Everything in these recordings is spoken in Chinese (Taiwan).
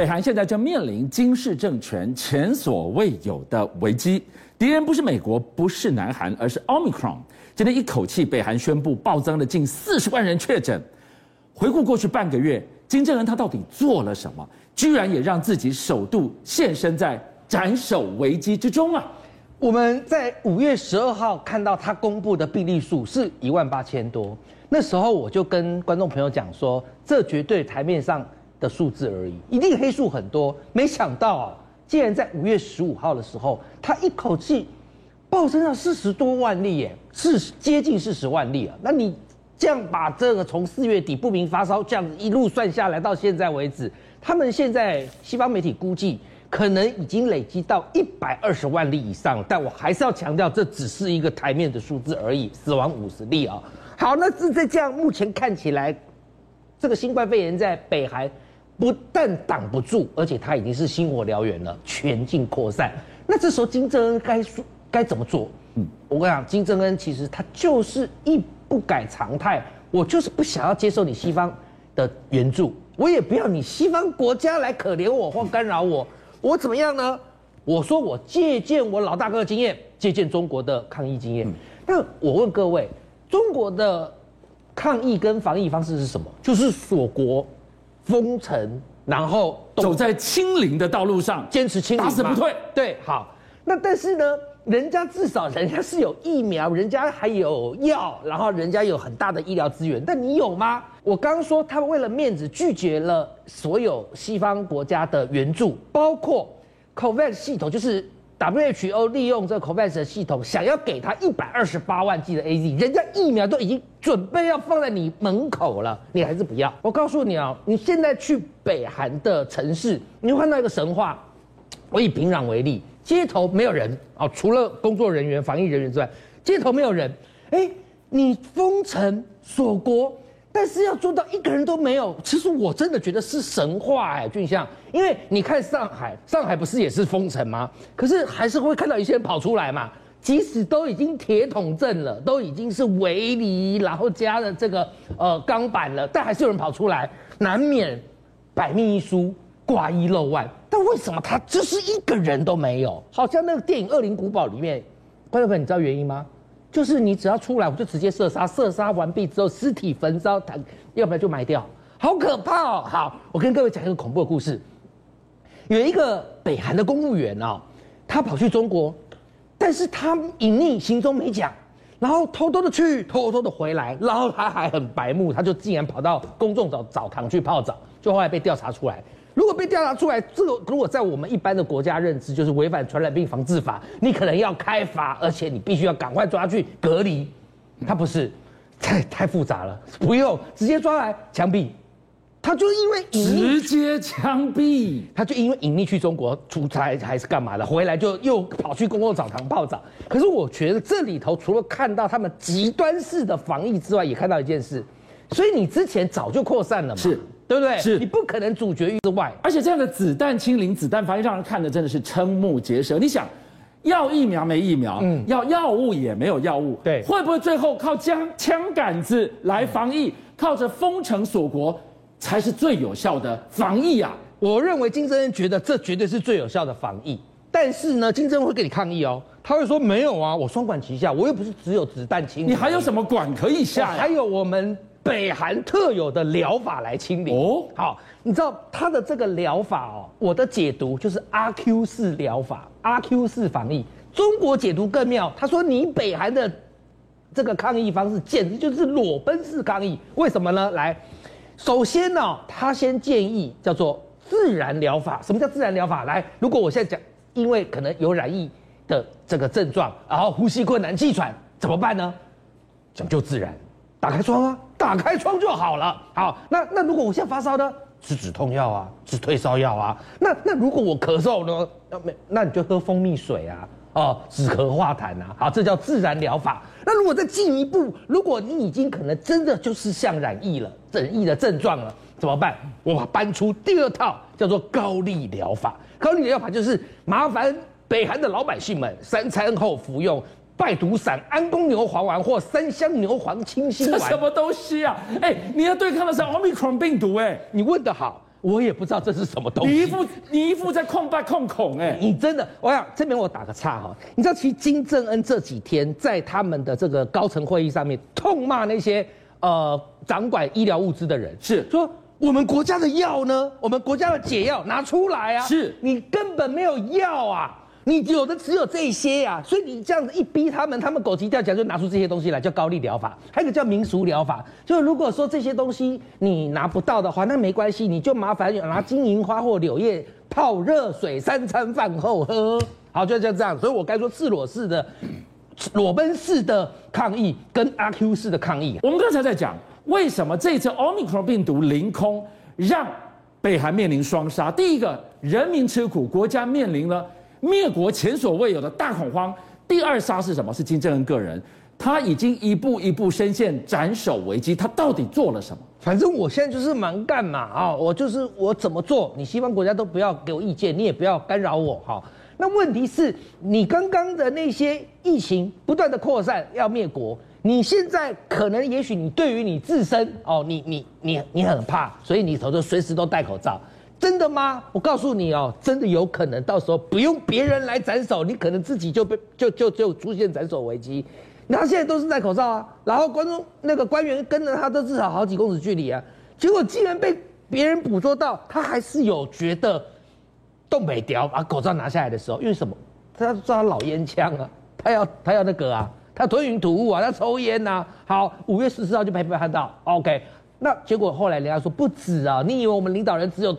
北韓現在正面臨金氏政權前所未有的危機，敵人不是美國，不是南韓，而是 Omicron。今天一口氣，北韓宣布暴增了近四十萬人確診。回顧過去半個月，金正恩他到底做了什麼？居然也讓自己首度現身在斬首危機之中啊！我們在五月十二號看到他公布的病例數是一萬八千多，那時候我就跟觀眾朋友講說，這絕對台面上。的數字而已，一定黑數很多。沒想到啊，竟然在五月十五號的時候，他一口氣暴增到四十多萬例，耶，四十，接近四十萬例啊。那你這樣把這個從四月底不明發燒這樣子一路算下來，到現在為止，他們現在西方媒體估計可能已經累積到一百二十萬例以上。但我還是要強調，這只是一個台面的數字而已，死亡五十例啊。好，那這在這樣目前看起來，這個新冠肺炎在北韓不但擋不住，而且他已經是星火燎原了，全境擴散。那這時候金正恩該該怎麼做？嗯，我跟你講，金正恩其實他就是一不改常態，我就是不想要接受你西方的援助，我也不要你西方國家來可憐我或干擾我，嗯、我怎麼樣呢？我說我借鑑我老大哥的經驗，借鑑中國的抗疫經驗。嗯、那我問各位，中國的抗疫跟防疫方式是什麼？就是鎖國。封城，然後走在清零的道路上，堅持清零，打死不退。對，好。那但是呢，人家至少人家是有疫苗，人家還有藥，然後人家有很大的醫療資源。但你有嗎？我剛說，他們為了面子拒絕了所有西方國家的援助，包括 Covax 系統，就是。WHO 利用這個 COVAX 的系統，想要給他一百二十八萬劑的 AZ，人家疫苗都已經準備要放在你門口了，你還是不要。我告訴你啊、喔，你現在去北韓的城市，你會看到一個神話。我以平壤為例，街頭沒有人啊、喔，除了工作人員、防疫人員之外，街頭沒有人。哎，你封城鎖國。但是要做到一個人都沒有，其實我真的覺得是神話哎、欸，俊相。因為你看上海，上海不是也是封城嗎？可是還是會看到一些人跑出來嘛。即使都已經鐵桶陣了，都已經是圍籬，然後加了這個呃鋼板了，但還是有人跑出來，難免百密一疏，掛一漏萬。但為什麼他就是一個人都沒有？好像那個電影《惡靈古堡》裡面，觀眾朋友，你知道原因嗎？就是你只要出來，我就直接射殺。射殺完畢之後，屍體焚燒，談，要不然就埋掉。好可怕哦！好，我跟各位講一個恐怖的故事。有一個北韓的公務員哦，他跑去中國，但是他隱匿行蹤沒講，然後偷偷的去，偷偷的回來，然後他還很白目，他就竟然跑到公眾澡澡堂去泡澡，就後來被調查出來。如果被調查出來，這個如果在我們一般的國家認知，就是違反傳染病防治法，你可能要開罰，而且你必須要趕快抓去隔離。他不是，太太複雜了，不用直接抓來槍斃。他就因為直接槍斃，他就因為隱匿去中國出差還是幹嘛的，回來就又跑去公共澡堂泡澡。可是我覺得這裡頭除了看到他們極端式的防疫之外，也看到一件事，所以你之前早就擴散了嘛？是。對不對？是你不可能阻絕於外，而且這樣的子彈清零、子彈防疫讓人看的真的是瞠目結舌。你想，要疫苗沒疫苗，嗯，要藥物也沒有藥物，對，會不會最後靠槍槍桿子來防疫，嗯、靠着封城鎖國才是最有效的防疫啊？我認為金正恩覺得這絕對是最有效的防疫，但是呢，金正恩會給你抗議哦，他會說沒有啊，我雙管齊下，我又不是只有子彈清零，你還有什麼管可以下？啊？還有我們。北韓特有的療法來清理哦，好，你知道他的這個療法哦，我的解讀就是阿 Q 式療法，阿 Q 式防疫。中國解讀更妙，他說，你北韓的這個抗疫方式簡直就是裸奔式抗疫。為什麼呢？來，首先呢，哦，他先建議叫做自然療法。什麼叫自然療法？來，如果我現在講，因為可能有染疫的這個症狀，然後呼吸困難、氣喘，怎麼辦呢？講究自然，打開窗啊。打開窗就好了。好，那那如果我現在發燒呢？吃止,止痛藥啊，吃退燒藥啊。那那如果我咳嗽呢？那沒，那你就喝蜂蜜水啊，啊、哦、止咳化痰啊。好，這叫自然療法。那如果再進一步，如果你已經可能真的就是像染疫了，染疫的症狀了，怎麼辦？我搬出第二套，叫做高麗療法。高麗療法就是麻煩北韓的老百姓們，三餐後服用。敗毒散、安宮牛黃丸或三香牛黃清心丸，這什麼東西啊？哎、欸，你要對抗的是 Omicron 病毒、欸，哎，你問得好，我也不知道這是什麼東西。你一副你一副在控拜控恐、欸，哎，你真的，我想這邊我打個岔哈，你知道，其實金正恩這幾天在他們的這個高層會議上面痛罵那些呃掌管醫療物資的人，是說我們國家的藥呢，我們國家的解藥拿出來啊，是你根本沒有藥啊。你有的只有這些呀，啊，所以你這樣子一逼他們，他們狗急跳牆，就拿出這些東西來，叫高麗療法，還有一個叫民俗療法。就如果說這些東西你拿不到的話，那沒關係，你就麻煩拿金銀花或柳葉泡熱水，三餐飯後喝。好，就像這樣。所以我該說赤裸式的、裸奔式的抗議，跟阿 Q 式的抗議。我們剛才在講，為什麼這次奧密克戎病毒凌空，讓北韓面臨雙殺？第一個，人民吃苦，國家面臨了滅國，前所未有的大恐慌，第二殺是什麼？是金正恩個人，他已經一步一步深陷斬首危機。他到底做了什麼？反正我現在就是蠻幹嘛啊！我就是我怎麼做，你西方國家都不要給我意見，你也不要干擾我哈。那問題是，你剛剛的那些疫情不斷的擴散，要滅國，你現在可能也許你對於你自身哦，你你你你很怕，所以你頭頭隨時都戴口罩。真的嗎？我告訴你哦、喔，真的有可能到時候不用別人來斬首，你可能自己就被就就就出現斬首危機。那他現在都是戴口罩啊，然後觀眾那個官員跟着他都至少好幾公尺距離啊，結果竟然被別人捕捉到，他還是有覺得東北屌把口罩拿下來的時候，因為什麼？他要抓他老煙槍啊，他要他要那個啊，他吞雲吐霧啊，他抽煙吶、啊。好，五月十四號就被被拍到，OK。那結果後來人家說不止啊，你以為我們領導人只有？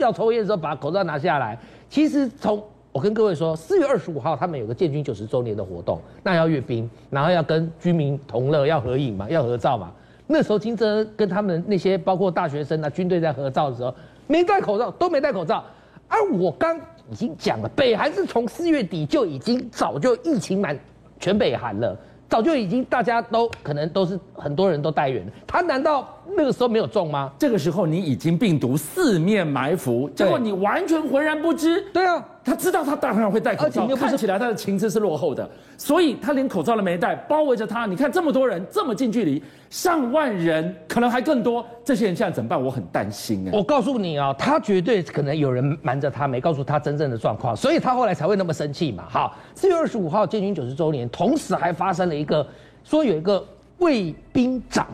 要抽菸的時候把口罩拿下來。其實從我跟各位說，四月二十五號他們有個建軍九十周年的活動，那要閱兵，然後要跟軍民同樂，要合影嘛，要合照嘛。那時候金正恩跟他們那些包括大學生啊，軍隊在合照的時候沒戴口罩，都沒戴口罩。而、啊、我剛已經講了，北韓是從四月底就已經早就疫情滿全北韓了，早就已經大家都可能都是很多人都帶原了，他難道？那個時候沒有中嗎？這個時候你已經病毒四面埋伏，對結果你完全渾然不知。對啊，他知道他大概會戴口罩，而且你看，看起來他的情資是落後的，所以他連口罩都沒戴，包圍着他。你看這麼多人，這麼近距離，上萬人可能還更多，這些人現在怎麼辦？我很擔心啊。我告訴你啊、哦，他絕對可能有人瞞着他，沒告訴他真正的狀況，所以他後來才會那麼生氣嘛。好，四月二十五號建軍九十周年，同時還發生了一個說有一個衛兵長。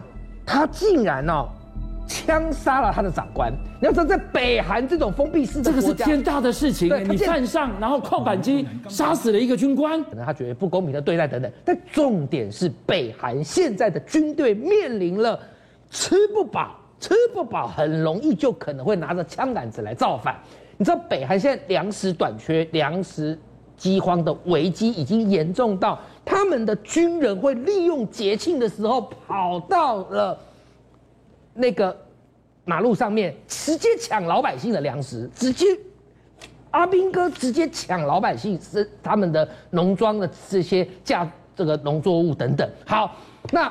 他竟然哦，槍殺了他的長官。你要知道，在北韓這種封閉式的這個是天大的事情，欸，他你犯上然後扣扳機殺死了一個軍官，可能他覺得不公平的對待等等。但重點是，北韓現在的軍隊面臨了吃不飽，吃不飽，很容易就可能會拿着槍桿子來造反。你知道北韓現在糧食短缺，糧食。饑荒的危機已經嚴重到他們的軍人會利用節慶的時候跑到了那個馬路上面，直接搶老百姓的糧食，直接阿兵哥直接搶老百姓是他們的農莊的這些稼、這個農作物等等。好，那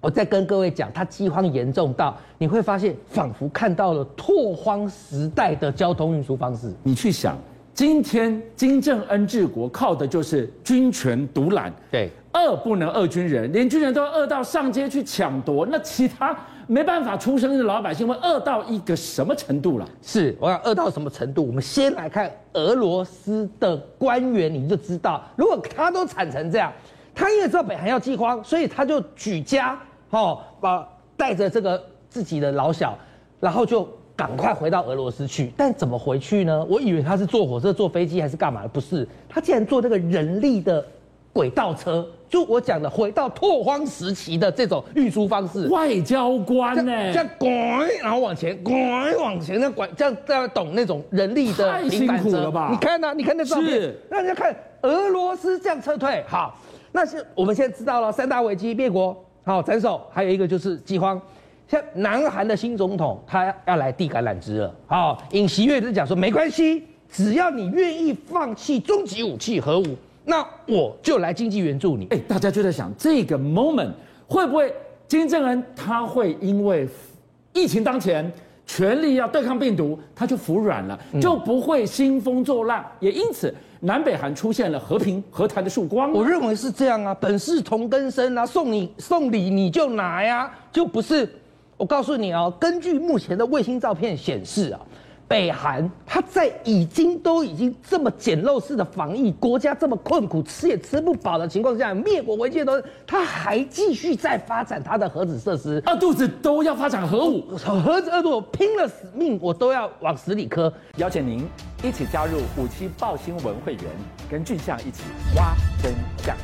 我再跟各位講，他饑荒嚴重到你會發現，仿佛看到了拓荒時代的交通運輸方式。你去想。今天金正恩治國靠的就是軍權獨攬。對，餓不能餓軍人，連軍人都餓到上街去搶奪，那其他沒辦法出生的老百姓會餓到一個什麼程度了？是，我要餓到什麼程度，我們先來看俄羅斯的官員，你就知道，如果他都慘成這樣，他因為知道北韓要饑荒，所以他就舉家哦，把帶着這個自己的老小，然後就。趕快回到俄羅斯去，但怎麼回去呢？我以為他是坐火車、坐飛機還是幹嘛的？不是，他竟然坐那個人力的軌道車，就我講的回到拓荒時期的這種運輸方式。外交官呢、欸，這樣滾，然後往前滾，往前這樣滾，這樣要懂那種人力的平板車太辛苦了吧？你看呢、啊？你看那照片，那是人家看俄羅斯這樣撤退。好，那是我們現在知道了三大危機：滅國、好斬首，還有一個就是饑荒。像南韓的新總統，他要，要來遞橄欖枝了。好，尹錫悅就講說，沒關係，只要你願意放棄終極武器核武，那我就來經濟援助你。哎、欸，大家就在想，這個 moment 會不會金正恩，他會因為疫情當前，全力要對抗病毒，他就服軟了，就不會興風作浪，嗯、也因此南北韓出現了和平和談的曙光。我認為是這樣啊，本是同根生啊，送你送禮你就拿呀，就不是。我告訴你哦，根據目前的衛星照片顯示啊，北韓他在已經都已經這麼簡陋式的防疫，國家這麼困苦，吃也吃不飽的情況下，滅國危機都，他還繼續在發展他的核子設施，餓肚子都要發展核武，我核子餓肚子，我拼了死命，我都要往死裡磕。邀請您一起加入五七爆新聞會員，跟俊相一起挖真相。